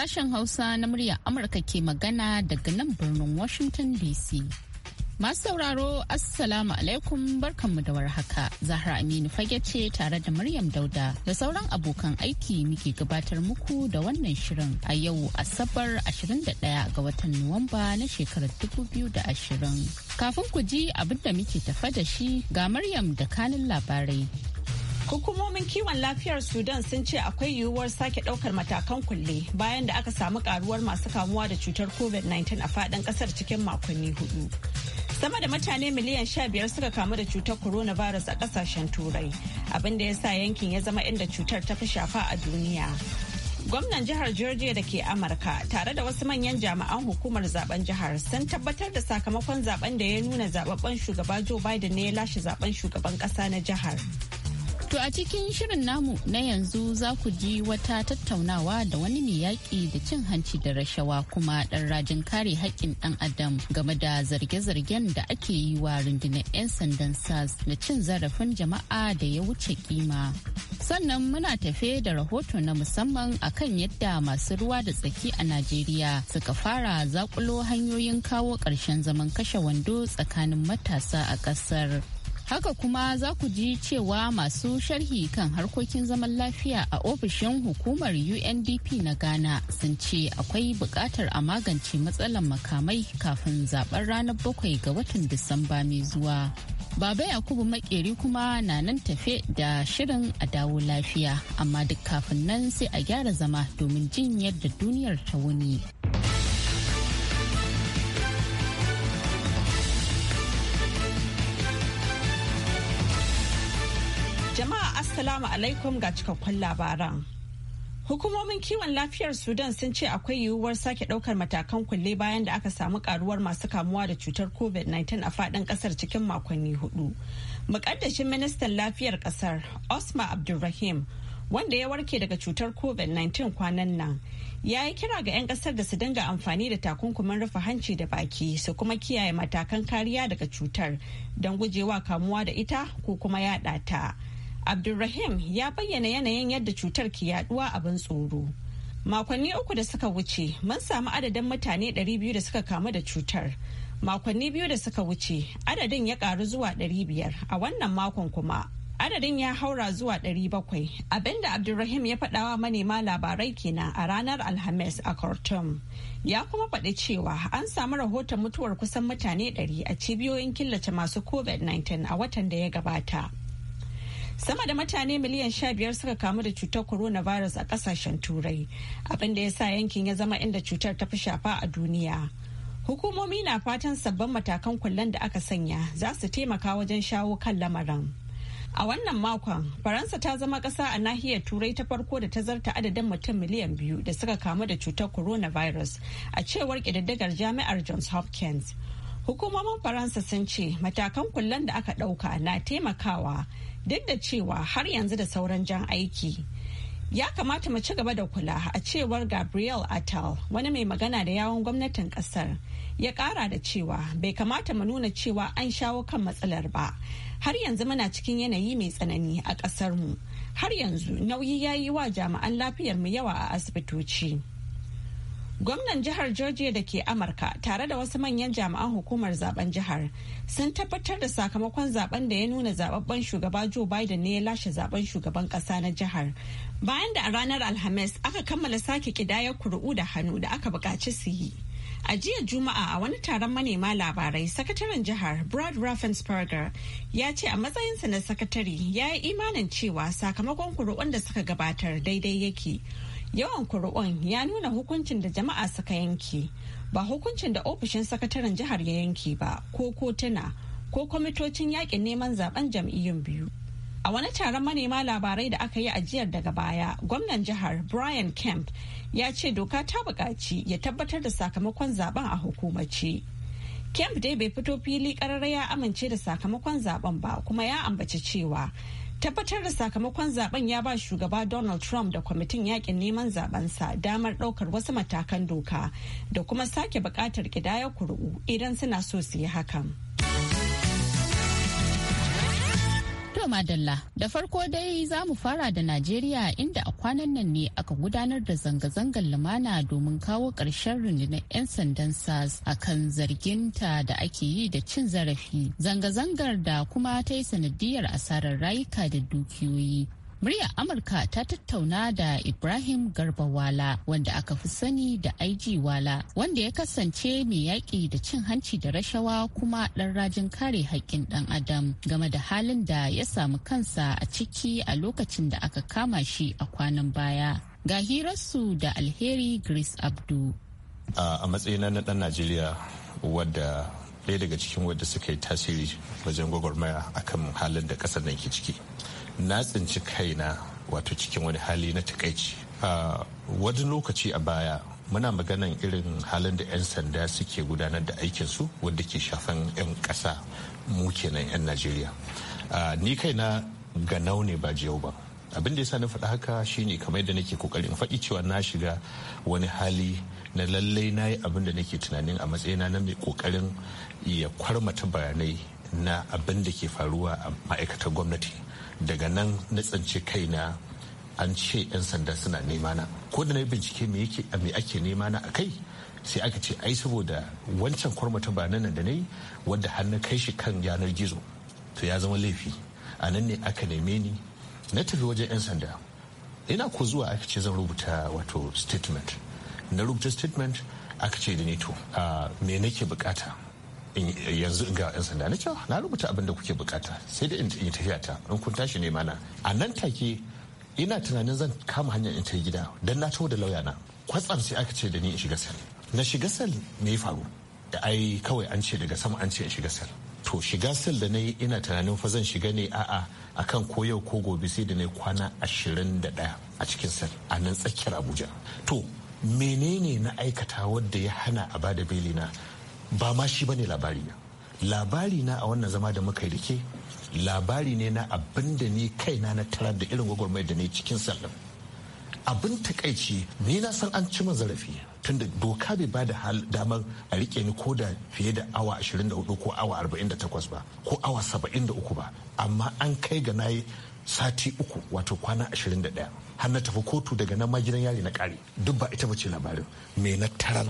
Sashen Hausa na muryar Amurka ke magana daga nan birnin Washington DC. Masu sauraro Assalamu alaikum barkanmu da warhaka. Zahra Aminu fage ce tare da Maryam Dauda da sauran abokan aiki muke gabatar muku da wannan shirin a yau Asabar 21 ga watan Nuwamba na shekarar 2020. Kafin ku ji abin da muke tafa da shi ga Maryam da kanin labarai. Hukumomin kiwon lafiyar Sudan sun ce akwai yiwuwar sake ɗaukar matakan kulle bayan da aka samu karuwar masu kamuwa da cutar COVID-19 a fadin kasar cikin makonni hudu. sama da mutane miliyan sha biyar suka kamu da cutar coronavirus a kasashen turai abinda ya sa yankin ya zama inda cutar ta fi shafa a duniya gwamnan jihar georgia da ke amurka tare da wasu manyan jami'an hukumar zaben jihar sun tabbatar da sakamakon zaben da ya nuna zababben shugaba joe biden ne ya lashe zaben shugaban kasa na jihar To a cikin shirin namu na yanzu za ku ji wata tattaunawa da wani mai yaƙi da cin hanci da rashawa kuma ɗan rajin kare haƙƙin ɗan adam game da zarge-zargen da ake yi wa rundunar 'yan sandan SARS na cin zarafin jama'a da ya wuce kima. Sannan muna tafe da rahoto na musamman akan yadda masu ruwa da tsaki a Najeriya suka fara zakulo hanyoyin kawo ƙarshen zaman kashe wando tsakanin matasa a ƙasar. Haka kuma za ku ji cewa masu sharhi kan harkokin zaman lafiya a ofishin hukumar UNDP na Ghana sun ce akwai buƙatar a magance matsalar makamai kafin zaben ranar bakwai ga watan Disamba mai zuwa. Baba Yakubu Makeri kuma na nan tafe da shirin a dawo lafiya, amma duk kafin nan sai a gyara zama domin jin yadda duniyar ta wuni. Assalamu alaikum ga cikakkun labaran. Hukumomin kiwon lafiyar Sudan sun ce akwai yiwuwar sake ɗaukar matakan kulle bayan da aka samu karuwar masu kamuwa da cutar COVID-19 a fadin kasar cikin makonni hudu. Mukaddashin ministan lafiyar kasar Osma Abdulrahim wanda ya warke daga cutar COVID-19 kwanan nan ya yi kira ga 'yan kasar da su dinga amfani da takunkumin rufe hanci da baki su kuma kiyaye matakan kariya daga cutar don gujewa kamuwa da ita ko kuma yaɗa ta. Abdulrahim ya bayyana yanayin yadda cutar ke yaduwa abin tsoro. Makonni uku da suka wuce mun samu adadin mutane 200 da suka kamu da cutar. Makonni biyu da suka wuce adadin ya karu zuwa 500 a wannan makon kuma. Adadin ya haura zuwa 700 abinda Abdulrahim ya faɗawa manema labarai kenan a ranar Alhamis a Khartoum. Ya kuma faɗi cewa an samu rahoton mutuwar kusan mutane 100 a cibiyoyin killace masu COVID-19 a watan da ya gabata. sama da mutane miliyan sha biyar suka kamu da cutar coronavirus a kasashen turai abinda ya sa yankin ya zama inda cutar ta fi shafa a duniya hukumomi na fatan sabbin matakan kullen da aka sanya za su taimaka wajen shawo kan lamarin a wannan makon faransa ta zama kasa a nahiyar turai ta farko da ta zarta adadin mutum miliyan biyu da suka kamu da cutar coronavirus a cewar ƙididdigar jami'ar johns hopkins hukumomin faransa sun ce matakan kullen da aka ɗauka na taimakawa duk da cewa har yanzu da sauran jan aiki. Ya kamata mu ci gaba da kula a cewar Gabriel atal wani mai magana da yawon gwamnatin kasar ya kara da cewa bai kamata mu nuna cewa an shawo kan matsalar ba. Har yanzu muna cikin yanayi mai tsanani a kasar mu. Har yanzu nauyi ya yi wa jami'an lafiyar mu yawa a asibitoci. Gwamnan jihar Georgia da ke Amurka tare da wasu manyan jami'an hukumar zaben jihar sun tabbatar da sakamakon zaben da ya nuna zababben shugaba Joe Biden ne ya lashe zaben shugaban kasa na jihar. Bayan da a ranar Alhamis aka kammala sake kidayar kuru'u da hannu da aka bukaci su yi. A jiya Juma'a a wani taron manema labarai, sakataren jihar Brad Raffensperger ya ce a matsayinsa na sakatare ya yi imanin cewa sakamakon kuru'un da suka gabatar daidai yake. Yawan kuri'un ya nuna hukuncin da jama'a suka yanke ba hukuncin da ofishin sakataren jihar ya yanke ba ko kotuna ko kwamitocin yakin neman zaben jam'iyyun biyu. A wani taron manema labarai da aka yi ajiyar daga baya, gwamnan jihar Brian Kemp ya ce doka ta bukaci ya tabbatar da sakamakon zaben a hukumace. Kemp dai bai fito fili ƙarara ya amince da sakamakon zaben ba kuma ya ambaci cewa tabbatar da sakamakon zaben ya ba shugaba donald trump da kwamitin yakin neman zabensa damar daukar wasu matakan doka da kuma sake bukatar kidayar kuri'u idan suna so su yi hakan. To Madalla, da farko dai za mu fara da Najeriya inda a kwanan nan ne aka gudanar da zanga-zangar lumana domin kawo ƙarshen rundunar 'yan sandan SARS a kan zarginta da ake yi da cin zarafi. Zanga-zangar da kuma ta yi sanadiyar asarar rayuka da dukiyoyi. Murya Amurka ta tattauna da Ibrahim Garbawala wanda aka fi sani da IG Wala wanda ya kasance mai yaƙi da cin hanci da rashawa kuma ɗan rajin kare haƙƙin ɗan adam game da halin da ya samu kansa a ciki a lokacin da aka kama shi a kwanan baya. Ga hirarsu da alheri Grace Abdu. a matsayina na ɗan Najeriya wadda ɗaya daga cikin wadda suka yi tasiri wajen gwagwarmaya akan halin da ƙasar nan ke ciki. na tsinci kaina wato cikin wani hali na takaici a wani lokaci a baya muna maganan irin halin da 'yan sanda suke gudanar da aikinsu wanda ke shafan 'yan ƙasa mu kenan 'yan najeriya ni kaina ganau ne ba jiyau ba abin da ya sa na faɗa haka shine kamar da nake kokari in faɗi cewa na shiga wani hali na lallai na yi abin da nake tunanin a matsayina na mai kokarin ya kwarmata bayanai na abin da ke faruwa a ma'aikatar gwamnati daga nan na tsance kaina an ce 'yan sanda suna nema na ko da na bincike me yake me ake nema na a kai? sai aka ce ai saboda wancan kwarmata ba nan da nayi wanda har na kai shi kan yanar gizo to ya zama laifi a nan ne aka neme ni na tafi wajen 'yan sanda ina ko zuwa aka ce zan rubuta wato statement na rubuta statement aka ce da ne to ah, me nake bukata yanzu ga yan sanda na cewa na rubuta abin da kuke bukata sai da in yi tafiya ta in kun tashi ne mana a nan take ina tunanin zan kama hanyar in ta gida dan na taho da lauya na kwatsam sai aka ce da ni in shiga sel na shiga sel me ya faru da ai kawai an ce daga sama an ce in shiga sel to shiga sel da na yi ina tunanin fa zan shiga ne a'a akan ko yau ko gobe sai da na yi kwana ashirin da ɗaya a cikin sel a nan tsakiyar abuja to menene na aikata wadda ya hana a bada beli na ba ma shi ba ne labari na labari na a wannan zama da muka yi da labari ne na abin da ni kaina na tarar da irin mai da ne cikin sallan abin takaici ni na san an ci min zarafi tunda doka bai ba da damar a rike ni ko da fiye da awa 24 ko awa 48 ba ko awa 73 ba amma an kai ga nayi sati uku wato kwana 21 har na tafi kotu daga nan ma gidan yari na kare duk ba ita bace labarin me na tarar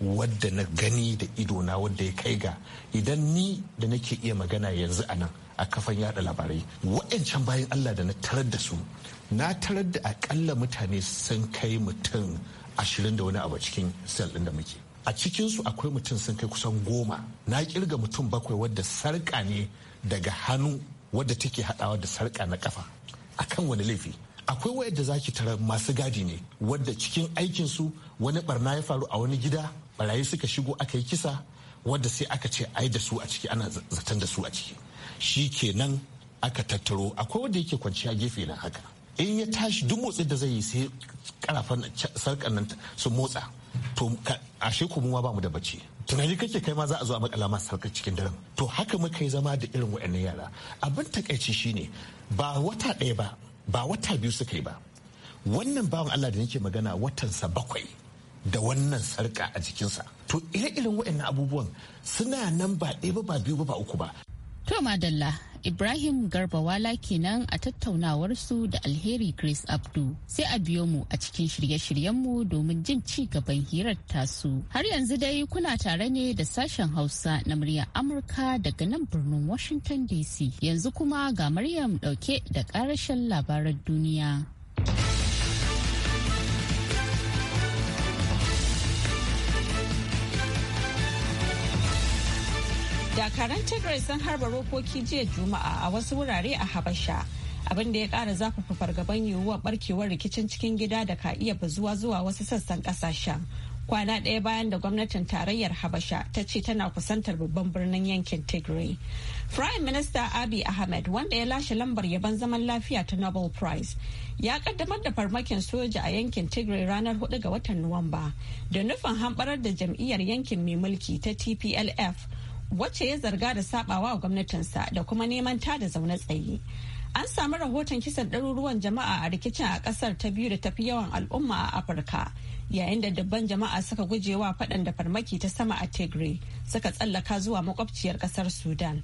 wadda na gani da ido na wadda ya kai ga idan ni da nake iya magana yanzu a nan a kafan yada labarai wa'ancan bayan allah da na tarar da su na tarar da akalla mutane sun kai mutum ashirin da wani abu cikin sel ɗin da muke a cikinsu akwai mutum sun kai kusan goma na kirga mutum bakwai wadda sarka ne daga hannu wadda take haɗawa da sarka na kafa akan wani laifi akwai wayar da zaki tara masu gadi ne wadda cikin aikinsu wani barna ya faru a wani gida barayi suka shigo aka yi kisa wadda sai aka ce ai da su a ciki ana zaton da su a ciki shi kenan aka tattaro akwai wanda yake kwanciya gefe na haka in ya tashi duk motsin da zai yi sai karafan sarkar nan sun motsa to ashe ku ba mu da bacci tunani kake kai ma za a zo a makala masu sarkar cikin daren to haka muka yi zama da irin waɗannan yara abin takaici shine ba wata ɗaya ba ba wata biyu suka yi ba wannan bawan Allah da nake magana watansa bakwai da wannan sarka a jikinsa to ire-iren waɗannan abubuwan suna nan ba ɗaya ba ba biyu ba ba uku ba to madalla ibrahim garbawala kenan a tattaunawarsu da alheri grace abdu sai a biyo mu a cikin shirye-shiryenmu domin jin ci gaban hirar tasu har yanzu dai kuna tare ne da sashen hausa na muryar amurka daga nan birnin washington dc yanzu kuma ga maryam ɗauke da karashen labaran duniya Dakaran Tigray sun harba rokoki jiya Juma'a a wasu wurare a Habasha. abin da ya kara zafafa fargaban yiwuwar barkewar rikicin cikin gida da ka iya bazuwa zuwa wasu sassan kasashen kwana ɗaya bayan da gwamnatin tarayyar habasha ta ce tana kusantar babban birnin yankin tigray prime minister abiy ahmed wanda ya lashe lambar yaban zaman lafiya ta nobel prize ya kaddamar da farmakin soja a yankin tigray ranar 4 ga watan nuwamba da nufin hamɓarar da jam'iyyar yankin mai mulki ta tplf wacce ya zarga da sabawa gwamnatinsa da kuma neman ta da zaune tsaye. An samu rahoton kisan ɗaruruwan jama'a a rikicin a ƙasar ta biyu da tafi yawan al'umma a Afirka. Yayin da dubban jama'a suka guje wa faɗan da farmaki ta sama a Tigray suka tsallaka zuwa makwabciyar ƙasar Sudan.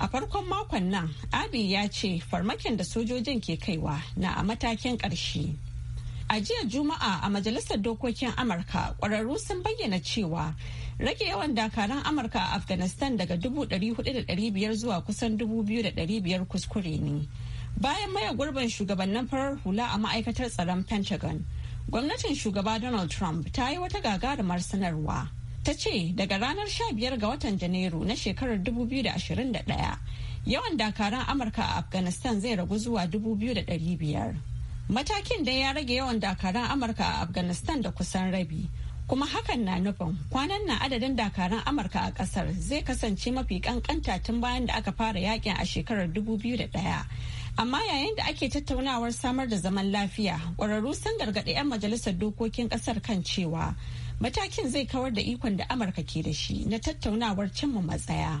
A farkon makon nan, Abiy ya ce farmakin da sojojin ke kaiwa na a matakin ƙarshe. A jiya Juma'a a Majalisar Dokokin Amurka, ƙwararru sun bayyana cewa rage yawan dakaran Amurka a Afghanistan daga 4,500 zuwa kusan 2,500 kuskure ne. Bayan maye gurbin shugabannin farar hula a ma'aikatar tsaron Pentagon, gwamnatin shugaba Donald Trump ta yi wata gagarumar sanarwa. Ta ce daga ranar 15 ga watan Janairu na shekarar 2021, yawan dakaran Amurka a Afghanistan zai ragu zuwa 2,500. Matakin da ya rage yawan dakaran Amurka a Afghanistan da kusan rabi. Kuma hakan na nufin kwanan na adadin dakaran Amurka a kasar zai kasance mafi kankanta tun bayan da aka fara yakin a shekarar 2001. amma yayin da ake tattaunawar samar da zaman lafiya ƙwararru sun gargaɗi 'yan majalisar dokokin ƙasar kan cewa matakin zai kawar da ikon da amurka ke da shi na tattaunawar cimma matsaya.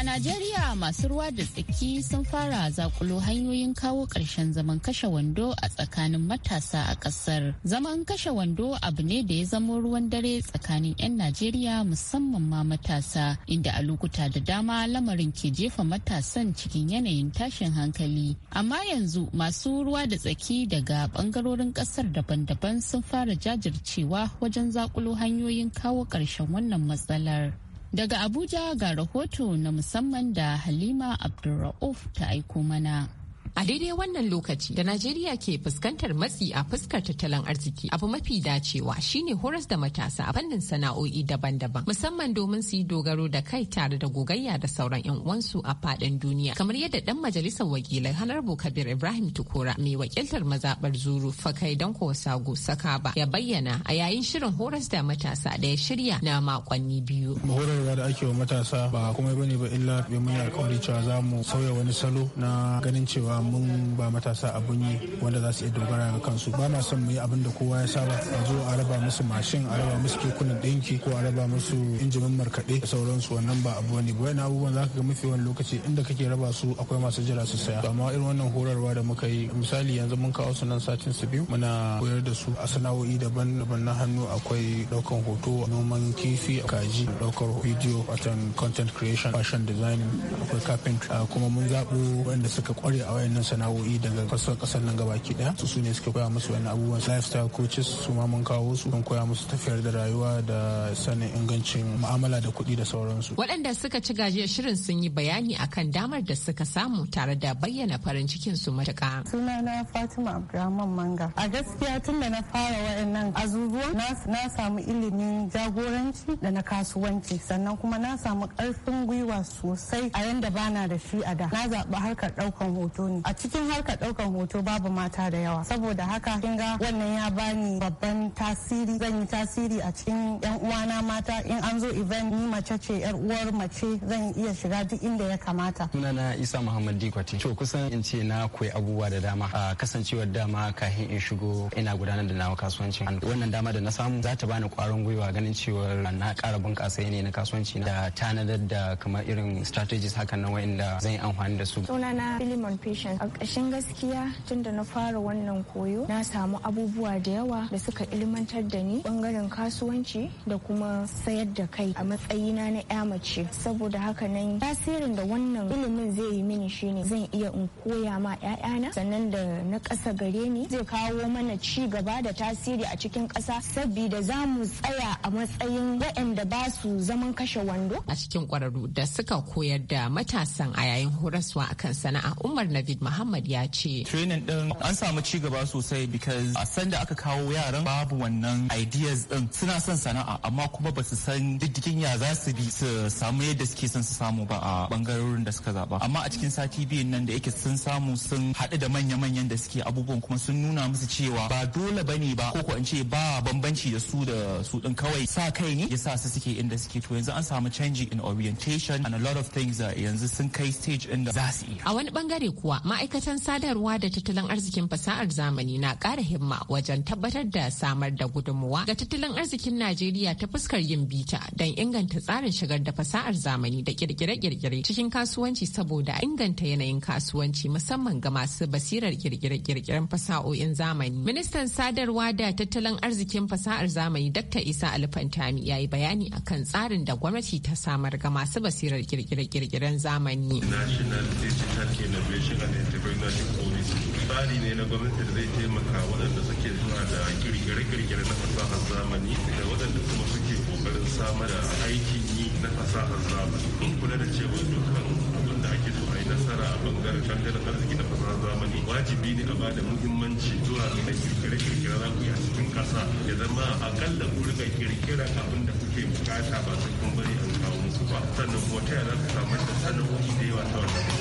a Najeriya masu ruwa da tsaki sun fara zakulo hanyoyin kawo ƙarshen zaman kashe wando a tsakanin matasa a ƙasar. Zaman kashe wando abu ne da ya zama ruwan dare tsakanin 'yan Najeriya musamman ma matasa inda a lokuta da dama lamarin ke jefa matasan cikin yanayin tashin hankali. Amma yanzu masu ruwa da tsaki daga ɓangarorin ƙasar daban-daban sun fara jajircewa wajen zakulo hanyoyin kawo ƙarshen wannan matsalar. Daga Abuja ga rahoto na musamman da Halima Abdulra'uf ta aiko mana. A daidai wannan lokaci da Najeriya ke fuskantar matsi a fuskar tattalin arziki abu mafi dacewa shine horas da matasa a fannin sana'o'i daban-daban musamman domin su yi dogaro da kai tare da gogayya da sauran 'yan uwansu a faɗin duniya kamar yadda dan majalisar wakilai Halarbu Kabir Ibrahim Tukura mai wakiltar mazabar Zuru Fakai Danko Sago ba, ya bayyana a yayin shirin horas da matasa da ya shirya na makonni biyu. Horarwa da ake wa matasa ba kuma bane ba illa bai mun alƙawari cewa za mu sauya wani salo na ganin cewa mun ba matasa abun yi wanda za su iya dogara ga kansu ba ma son mu yi abin da kowa ya saba a zo a raba musu mashin a raba musu kekunan ɗinki ko a raba musu injimin markaɗe da sauransu wannan ba abu ne bayan abubuwan za ka ga mafi wani lokaci inda kake raba su akwai masu jira su saya amma irin wannan horarwa da muka yi misali yanzu mun kawo su nan satin su biyu muna koyar da su a sana'o'i daban-daban na hannu akwai ɗaukan hoto noman kifi kaji ɗaukar bidiyo watan content creation fashion design akwai carpentry kuma mun zaɓo wanda suka kware a wayan waɗannan sana'o'i daga kasar kasar nan gabaki daya su su ne suke koya musu wani abubuwan lifestyle coaches su ma mun kawo su don koya musu tafiyar da rayuwa da sanin ingancin mu'amala da kuɗi da sauransu waɗanda suka ci gajiya shirin sun yi bayani akan damar da suka samu tare da bayyana farin cikin su matuƙa sunana fatima abdulrahman manga a gaskiya tun da na fara waɗannan azuzuwan na samu ilimin jagoranci da na kasuwanci sannan kuma na samu ƙarfin gwiwa sosai a yanda bana da shi a da na zaɓi harkar ɗaukan hoto ne a cikin harka ɗaukan hoto babu mata da yawa saboda haka kin ga wannan ya bani babban tasiri zan yi tasiri a cikin yan uwana mata in an zo event ni mace ce yar uwar mace zan iya shiga duk inda ya kamata sunana isa muhammad dikwati to kusan in ce na koyi abubuwa da dama a kasancewar dama kafin in shigo ina gudanar da nawa kasuwancin wannan dama da na samu za ta bani kwarin gwiwa ganin cewa na ƙara bunƙasa yanayi na kasuwanci da tanadar da kamar irin strategies hakan na wa'inda zan yi amfani da su sunana filimon fish education a ƙashin gaskiya tun da na fara wannan koyo na samu abubuwa da yawa da suka ilmantar da ni ɓangaren kasuwanci da kuma sayar da kai a matsayina na ya mace saboda haka nan tasirin da wannan ilimin zai yi mini shine zan iya in koya ma 'ya'yana sannan da na ƙasa gare ni zai kawo mana ci gaba da tasiri a cikin ƙasa saboda za mu tsaya a matsayin waɗanda ba su zaman kashe wando a cikin ƙwararru da suka koyar da matasan a yayin horaswa akan sana'a umar nabi Majid Muhammad ya ce. Training din an samu ci gaba sosai because a san da aka kawo yaran babu wannan ideas din suna son sana'a amma kuma ba su san diddigin ya za su bi su samu yadda suke son su samu ba a bangarorin da suka zaba. Amma a cikin sati biyun nan da yake sun samu sun haɗu da manya-manyan da suke abubuwan kuma sun nuna musu cewa ba dole ba ne ba ko ko in ce ba bambanci da su da su din kawai sa kai ne yasa sa su suke inda suke to yanzu an samu changing in orientation and a lot of things yanzu sun kai stage inda za su iya. A wani bangare kuwa ma'aikatan sadarwa da tattalin arzikin fasahar zamani na ƙara himma wajen tabbatar da samar da gudunmuwa ga tattalin arzikin Najeriya ta fuskar yin bita don inganta tsarin shigar da fasahar zamani da kirkire-kirkire cikin kasuwanci saboda inganta yanayin kasuwanci musamman ga masu basirar kirkire-kirkiren fasahohin zamani. Ministan sadarwa da tattalin arzikin fasahar zamani Dr. Isa Alfantami ya yi bayani akan tsarin da gwamnati ta samar ga masu basirar kirkire-kirkiren zamani. National Digital Innovation and international police tsari ne na gwamnati da zai taimaka waɗanda suke zuwa da kirkire-kirkire na fasahar zamani da waɗanda kuma suke kokarin sama da aikin yi na fasahar zamani in kula da cewa dukkan abin da ake so a yi nasara a bangaren tattalin arziki na fasahar zamani wajibi ne a ba da muhimmanci zuwa ga kirkire-kirkire na a cikin ƙasa ya zama akalla ku riƙa kirkiran abin da kuke bukata ba sai kun bari an kawo musu ba sannan kuma ta za ku samar da sana'o'i da yawa ta wannan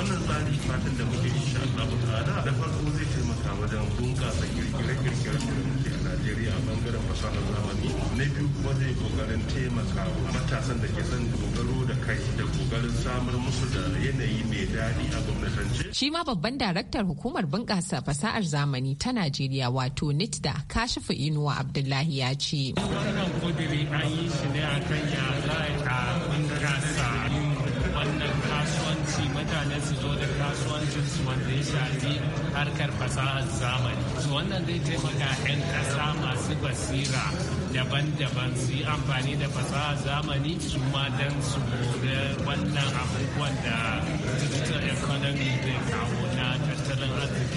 wannan tsari fatan da muke insha Allah ta'ala da farko zai taimaka wajen bunƙasa kirkire-kirkiren da muke a Najeriya a bangaren fasahar zamani na biyu kuma zai kokarin taimaka matasan da ke son dogaro da kai da kokarin samar musu da yanayi mai daɗi a gwamnatance. Shi ma babban daraktar hukumar bunƙasa fasahar zamani ta Najeriya wato NITDA Kashifu Inuwa Abdullahi ya ce. Wannan kudiri an yi shi ne a kan ya za wanda ya shafi harkar fasahar zamani wannan zai taimaka 'yan ƙasa masu basira daban-daban su yi amfani da fasahar zamani su ma don su da wannan abubuwan da digital economy zai kawo na tattalin arziki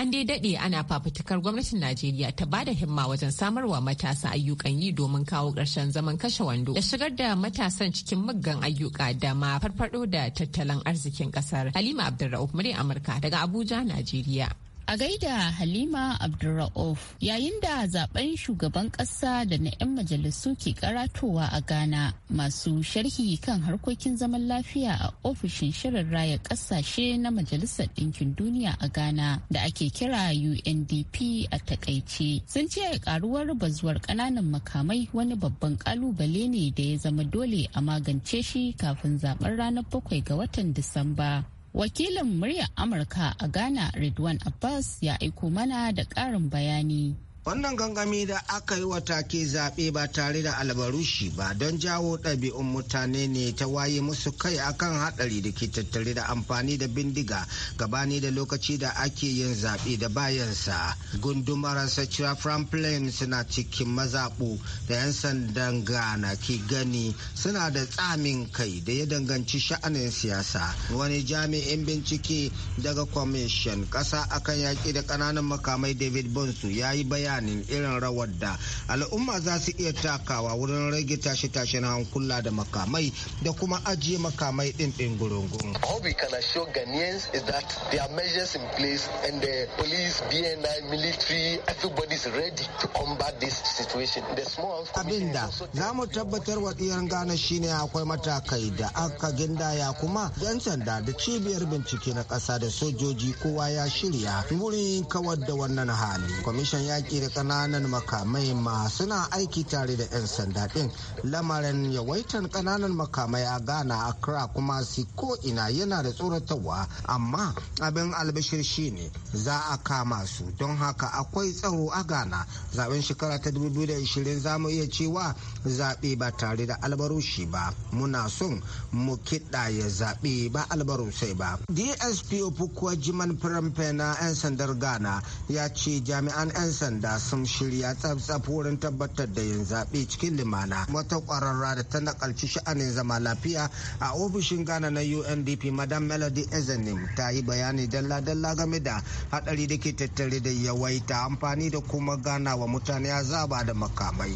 An dai daɗe ana fafutukar gwamnatin Najeriya ta ba da himma wajen samarwa matasa ayyukan yi domin kawo ƙarshen zaman kashe wando da shigar da matasan cikin muggan ayyuka da ma farfado da tattalin arzikin ƙasar. Halima Abdulrahman Amurka daga Abuja, Najeriya. A gaida Halima Abdulra'uf yayin da zaben shugaban ƙasa da na 'yan majalisu ke karatowa a Ghana masu sharhi kan harkokin zaman lafiya a ofishin shirin raya ƙasashe na Majalisar Ɗinkin Duniya a Ghana da ake kira UNDP a takaice sun ce karuwar bazuwar ƙananan makamai wani babban kalubale ne da ya zama dole a magance shi kafin zaben ranar bakwai ga watan Disamba. wakilin muryar amurka a ghana ridwan abbas ya aiko mana da ƙarin bayani Wannan gangami da aka yi wa take zaɓe ba tare da albarushi ba don jawo ɗabi'un mutane ne ta waye musu kai akan haɗari da ke tattare da amfani da bindiga gabani da lokaci da ake yin zaɓe da bayansa. Gundumar Sachira Franklin suna cikin mazaɓu da 'yan sandan Ghana ke gani suna da tsamin kai da ya danganci sha'anin siyasa. Wani jami'in bincike daga kwamishin ƙasa akan yaƙi da ƙananan makamai David Bonsu ya yi bayani bayanin irin rawar da al'umma za su iya takawa wurin rage tashe-tashen hankula da makamai da kuma ajiye makamai ɗin ɗin gurungun. All we can assure Ghanaians is that there are measures in place and the police, BNI, military, everybody is ready to combat this situation. The small Abinda za mu tabbatar wa ɗiyar Ghana shine akwai matakai da aka gindaya kuma 'yan sanda da cibiyar bincike na ƙasa da sojoji kowa ya shirya wurin kawar da wannan hali. Kwamishin yaƙi da kananan makamai ma suna aiki tare da 'yan sanda ɗin lamarin yawaitar kananan makamai a ghana accra kuma si ko ina yana da tsoratarwa amma abin albashir shine za a kama su don haka akwai tsaro a ghana zaben shekara ta 2020 za mu iya cewa zaɓe ba tare da albarushi ba muna son mu kiɗa ya zaɓe ba albarusai ba dsp kuwa jiman firamfe na 'yan sandar ghana ya ce jami'an 'yan sanda da sun shirya tsaf wurin tabbatar da yin zaɓe cikin limana wata ƙwararra da ta nakalci sha'anin zama lafiya a ofishin ghana na undp madam melody ezenim ta yi bayani dalla-dalla game da haɗari da ke tattare da yawaita amfani da kuma gana wa mutane azaba da makamai.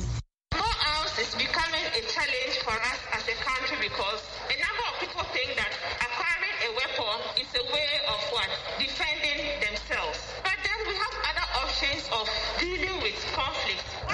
becoming a challenge for us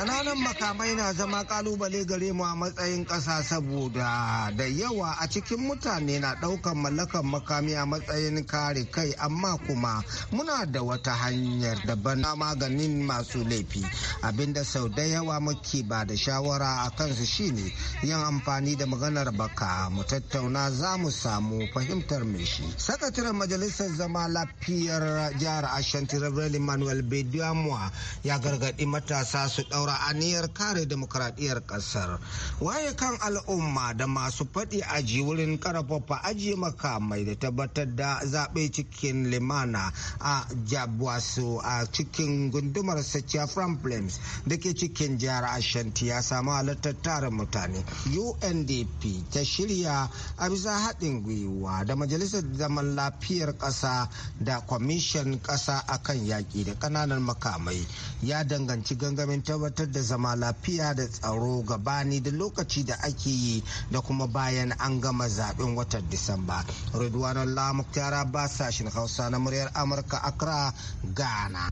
Ƙananan makamai na zama ƙalubale gare mu a matsayin ƙasa saboda da yawa a cikin mutane na ɗaukan mallakan makami a matsayin kare kai amma kuma muna da wata hanyar daban na maganin masu laifi abinda sau da yawa muke ba da shawara a kansu shine yin amfani da maganar baka mu tattauna za mu samu fahimtar mai shi. Sakataren majalisar zama lafiyar jihar Ashanti Reverend Emmanuel bediamua ya gargaɗi matasa su ɗaura ɗora kare demokradiyyar ƙasar waye kan al'umma da masu faɗi aji wurin ƙarfafa ajiye makamai da tabbatar da zaɓe cikin limana a jabwasu a cikin gundumar sachiya flames da ke cikin jihar ashanti ya samu halittar tarin mutane undp ta shirya a bisa haɗin gwiwa da majalisar zaman lafiyar ƙasa da kwamishin ƙasa akan yaƙi da ƙananan makamai ya danganci gangamin tabbatar tabbatar da zama lafiya da tsaro gabani da lokaci da ake yi da kuma bayan an gama zaben watan disamba ridwanan lamuktara ba sashen hausa na muryar amurka accra ghana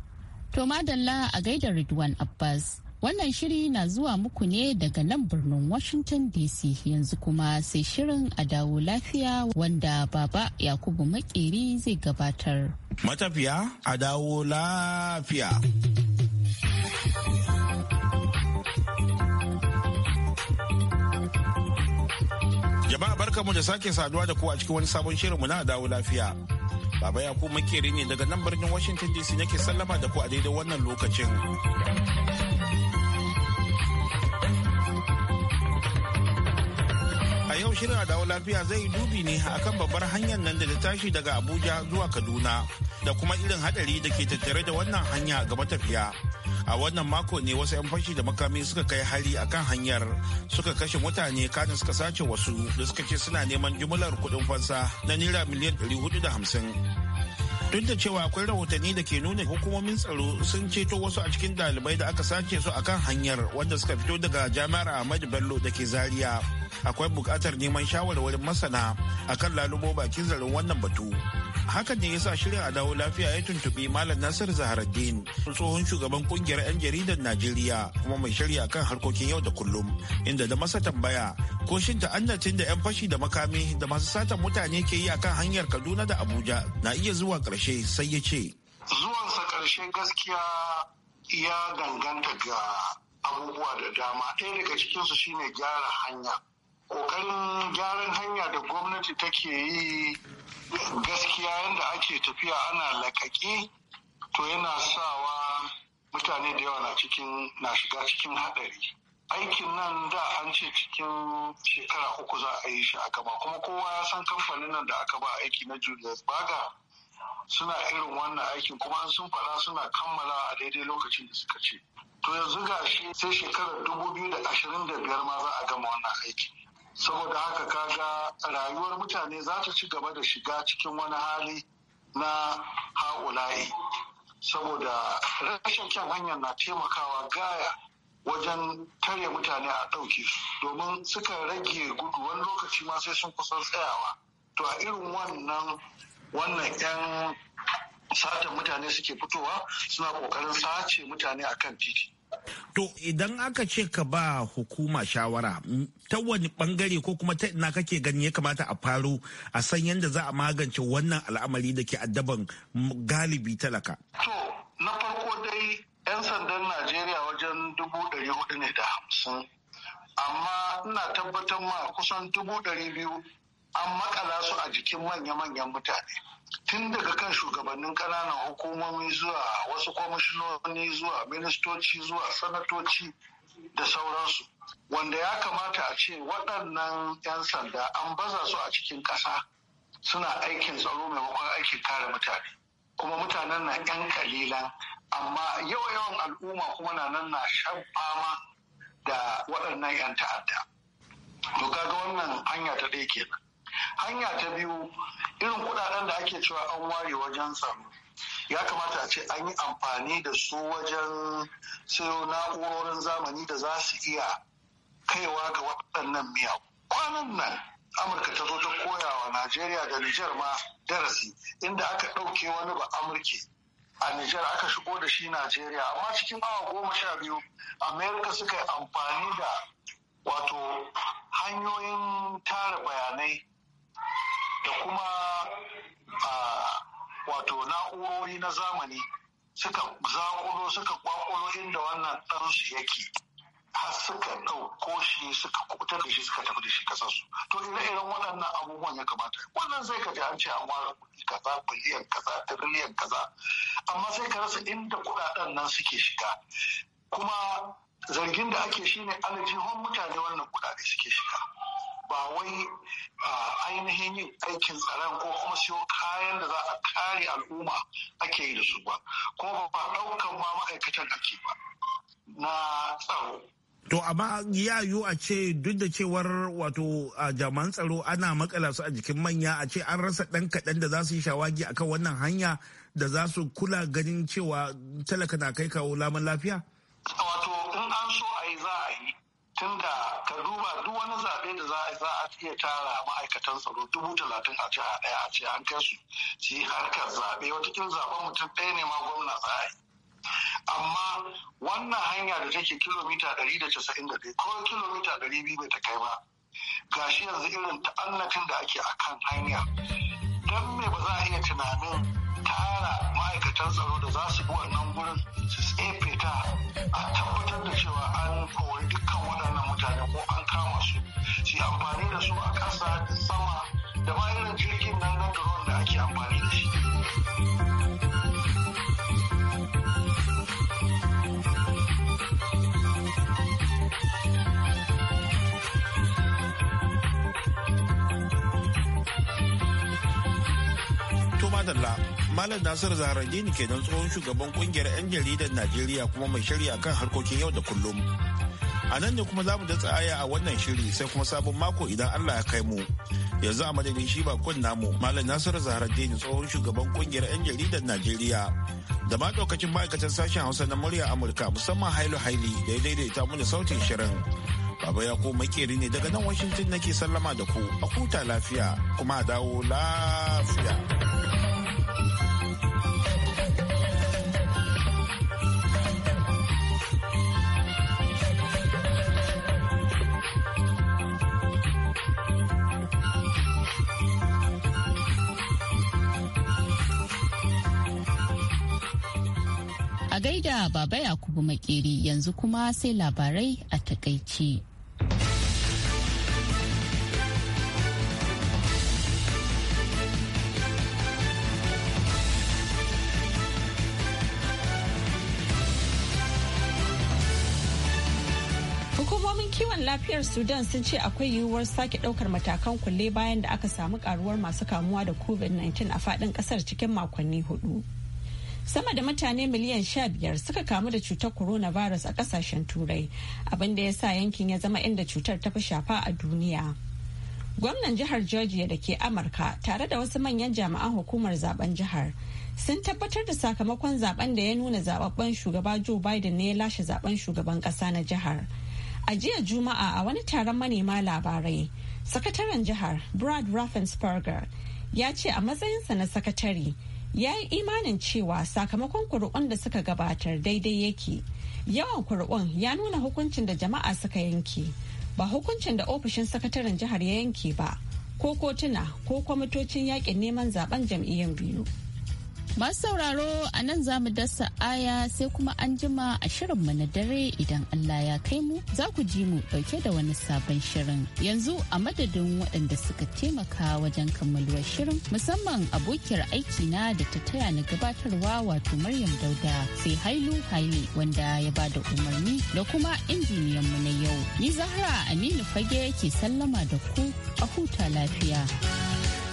to madalla a gaidar ridwan abbas Wannan shiri na zuwa muku ne daga nan birnin Washington DC yanzu kuma sai shirin a dawo lafiya wanda baba Yakubu Makeri zai gabatar. Matafiya a dawo lafiya. Jama'a barkamu da sake saduwa da ku a cikin wani sabon shirinmu na dawo lafiya. Baba ya ku muke ne daga nan birnin Washington DC nake sallama da ku a daidai wannan lokacin. yau shirin a dawo lafiya zai yi dubi ne akan babbar hanyar nan da ta tashi daga Abuja zuwa Kaduna da kuma irin hadari da ke tattare da wannan hanya ga matafiya. A wannan mako ne wasu 'yan fashi da makami suka kai hali akan hanyar suka kashe mutane kanin suka sace wasu da suka ce suna neman jumlar kudin fansa na naira miliyan 450. duk da cewa akwai rahotanni da ke nuna hukumomin tsaro sun ceto wasu a cikin dalibai da aka sace su akan hanyar wanda suka fito daga jami'ar ahmadu bello da ke zaria akwai bukatar neman shawarwarin masana akan lalubo bakin zarin wannan batu hakan ne yasa shirin a dawo lafiya ya tuntuɓi malam nasir zaharaddin tsohon shugaban kungiyar 'yan jaridar najeriya kuma mai shirya kan harkokin yau da kullum inda da masa tambaya ko shin ta'annatin da 'yan fashi da makami da masu satan mutane ke yi akan hanyar kaduna da abuja na iya zuwa karshe sai ya ce zuwansa karshe gaskiya ya danganta ga abubuwa da dama ɗaya daga cikinsu shine gyara hanya ƙoƙarin gyaran hanya da gwamnati take yi ake tafiya ana lakaki to yana sawa mutane da yawa na cikin na shiga cikin haɗari aikin nan da an ce cikin shekara uku za a yi shi a gaba kuma kowa ya san kamfanin nan da aka ba aiki na julius baga suna irin wannan aikin kuma sun faɗa suna kammala a daidai lokacin da suka ce to yanzu ga shi sai shekarar dubu da ashirin da biyar ma za a gama wannan aiki saboda haka kaga rayuwar mutane za ta ci gaba da shiga cikin wani hali na layi saboda rashin kyan hanyar na taimakawa gaya wajen tare mutane a ɗauke su domin suka rage gudu wani lokaci ma sai sun kusan tsayawa to a irin wannan wannan 'yan satan mutane suke fitowa suna ƙoƙarin sace mutane a kan titi To idan aka ce ka ba hukuma shawara mm, ta wani bangare ko kuma ta ina kake gani ya kamata a faru a san yadda za a magance wannan al'amari da ke addaban galibi talaka. To na farko dai 'yan sandan Najeriya wajen dubu ɗari hudu ne da hamsin. Amma ina tabbatar ma kusan dubu ɗari biyu an makala su a jikin manya-manyan mutane tun daga kan shugabannin ƙananan hukumomi zuwa wasu kwamishinoni zuwa ministoci zuwa sanatoci da sauransu wanda ya kamata a ce waɗannan 'yan sanda an baza su a cikin ƙasa suna aikin tsaro maimakon aikin kare mutane kuma mutanen na 'yan kalilan amma yawa-yawan al'umma kuma na nan na shan fama da waɗannan 'yan ta'adda to kaga wannan hanya ta ɗaya kenan hanya ta biyu irin kudaden da ake cewa an ware wajen tsaro ya kamata a ce an yi amfani da su wajen sayo na'urorin zamani da za su iya kaiwa ga waɗannan miya kwanan nan amurka ta zo ta koya wa najeriya da nijar ma darasi inda aka ɗauke wani ba amurke a nijar aka shigo da shi najeriya amma cikin awa goma sha biyu amerika suka yi amfani da wato hanyoyin tara bayanai da kuma wato na'urori na zamani suka zakulo suka kwakulo inda wannan ɗansu yake har suka ɗauko shi suka kubutar da shi suka tafi da shi kasar to ire-iren waɗannan abubuwan ya kamata wannan zai ka ji an ce an ware kuɗi kaza biliyan kaza tiriliyan kaza amma sai ka rasa inda kuɗaɗen nan suke shiga kuma zargin da ake shine aljihun mutane wannan kuɗaɗe suke shiga ba wai ainihin yin aikin tsaron ko kuma siyo kayan da za a kare al'umma ake yi da su ba ko ba ɗaukan ma ma'aikatan ake ba na tsaro To amma ya yiwu a ce duk da cewar wato a jaman tsaro ana makala su a jikin manya a ce an rasa ɗan kaɗan da za su yi shawagi a kan wannan hanya da za su kula ganin cewa talaka na kai kawo laman lafiya? Wato tunda ka duba duk wani zaɓe da za a iya tara ma'aikatan tsaro dubu talatin a jiha ɗaya a ce an kai su su yi harkar zaɓe watakin zaɓen mutum ɗaya ne ma gwamna za a yi amma wannan hanya da take kilomita ɗari da casa'in da ɗaya ko kilomita ɗari biyu bai ta kai ba gashi yanzu irin ta'annatin da ake a kan hanya don me ba za a iya tunanin tara ma'aikatan tsaro da za su bi wannan gurin su tsefe ta a tabbatar da cewa an mutane ko an kama su su amfani da su a ƙasa sama da ma irin jirgin nan na da ake amfani da shi madalla malam nasir zahararri ne kenan tsohon shugaban kungiyar 'yan jaridar najeriya kuma mai shari'a kan harkokin yau da kullum a nan ne kuma za mu datsa aya a wannan shiri sai kuma sabon mako idan allah ya kai mu yanzu a madadin shi kun namu malam nasiru Zahra dini tsohon shugaban kungiyar 'yan jaridar najeriya da ma daukacin ma'aikatan sashen hausa na murya amurka musamman hailu haili da ya daidaita mu sautin shirin baba ya ko makeri ne daga nan washington nake sallama da ku a huta lafiya kuma a dawo lafiya A gaida Baba Yakubu Makeri yanzu kuma sai labarai a takaici. Hukumomin kiwon lafiyar Sudan sun ce akwai yiwuwar sake daukar matakan kulle bayan da aka samu karuwar masu kamuwa da COVID-19 a fadin kasar cikin makonni hudu. sama da mutane miliyan sha biyar suka kamu da cutar corona virus a kasashen turai abinda ya sa yankin ya zama inda cutar ta fi shafa a duniya gwamnan jihar georgia da ke amurka tare da wasu manyan jami'an hukumar zaben jihar sun tabbatar da sakamakon zaben da ya nuna zababben shugaba joe biden ne ya lashe zaben shugaban kasa na jihar a jiya juma'a a wani taron manema labarai sakataren jihar brad raffensperger ya ce a matsayinsa na sakatare ya yi imanin cewa sakamakon kuri'un da suka gabatar daidai yake yawan kuri'un ya nuna hukuncin da jama'a suka yanke ba hukuncin da ofishin sakataren jihar ya yanke ba ko kotuna ko kwamitocin yakin neman zaben jam'iyyar biyu Masu sauraro a nan za mu dasa aya sai kuma an jima a shirinmu na dare idan Allah ya kai mu za ku ji mu dauke da wani sabon shirin. Yanzu a madadin waɗanda suka taimaka wajen kammaluwar shirin musamman abokiyar aikina da ta taya na gabatarwa wato Maryam Dauda sai Hailu Haile wanda ya ba da umarni da kuma injiniyan mu na yau. Ni Zahra Aminu Fage ke sallama da ku a huta lafiya.